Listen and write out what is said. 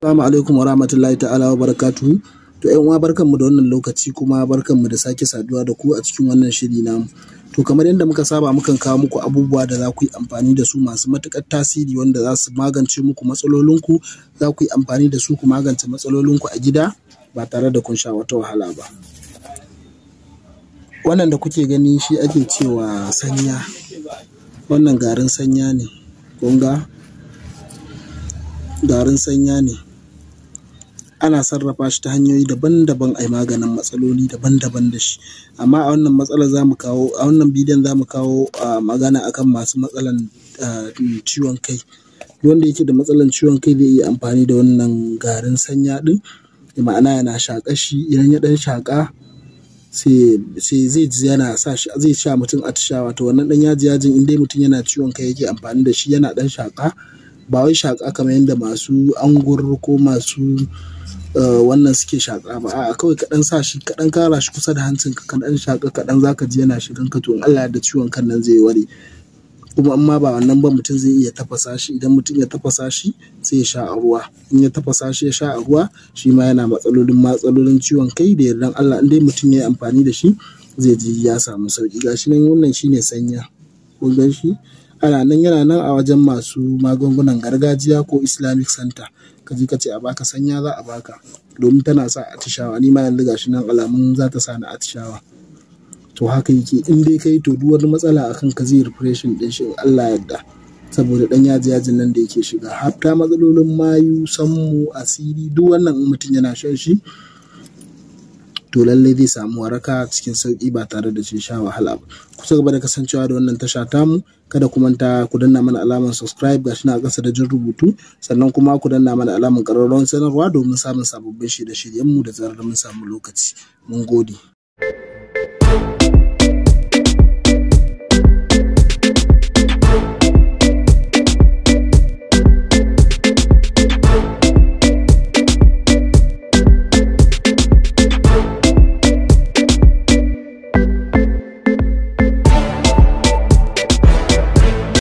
Assalamu alaikum wa rahmatullahi ta'ala wa barakatuhu. To ƴan uwa barkanmu da wannan lokaci kuma barkanmu da sake saduwa da ku a cikin wannan shiri namu. To kamar yadda muka saba mukan kawo muku abubuwa da za ku yi amfani da su masu matuƙar tasiri wanda za su magance muku matsalolinku, za ku yi amfani da su ku magance matsalolinku a gida ba tare da kun sha wata wahala ba. Wannan da kuke gani shi ake cewa sanya. Wannan garin sanya ne. Kun ga garin sanya ne ana sarrafa shi ta hanyoyi daban-daban a maganin matsaloli daban-daban da shi amma a wannan matsalar za mu kawo a wannan bidiyon za mu kawo magana akan masu matsalan ciwon kai wanda yake da matsalan ciwon kai zai iya amfani da wannan garin sanya din ma'ana yana shaƙa shi idan ya ɗan shaƙa sai zai ji yana sa shi zai sha mutum atishawa to wannan ɗan yaji yajin in mutum yana ciwon kai yake amfani da shi yana ɗan shaƙa ba wai shaƙa kamar yadda masu angur ko masu eh, wannan suke shaka ba a kawai kaɗan sa shi kaɗan kara shi kusa da hancin ka kaɗan shaka kaɗan zaka ji yana shigan ka to in Allah da ciwon kan nan zai ware kuma amma ba wannan ba mutum zai iya tafasa shi idan mutum ya tafasa shi sai ya sha a ruwa in ya tafasa shi ya sha a ruwa shi ma yana matsalolin matsalolin ciwon kai da yardan Allah in dai mutum ya yi amfani da shi zai ji ya samu sauki gashi nan wannan shine sanya kun gan shi ana nan yana nan a wajen masu magungunan gargajiya ko islamic center ka ji ka ce a baka sanya za a baka domin tana sa atishawa ni ma yanzu gashi nan alamun za ta sa ni atishawa to haka yake in dai kai to duk wani matsala akan ka zai refreshing din shi Allah yadda. saboda dan yaji yajin nan da yake shiga hatta matsalolin mayu sammu asiri duk wannan mutum yana shan shi to lallai zai samu waraka cikin sauki ba tare da cin sha wahala ba ku ci gaba da kasancewa da wannan tasha tamu kada kuma manta ku danna mana alamar subscribe gashi na kasa da jin rubutu sannan kuma ku danna mana alamar ƙararrawar sanarwa domin samun sababbin shirye-shiryenmu da zarar mun samu lokaci mun gode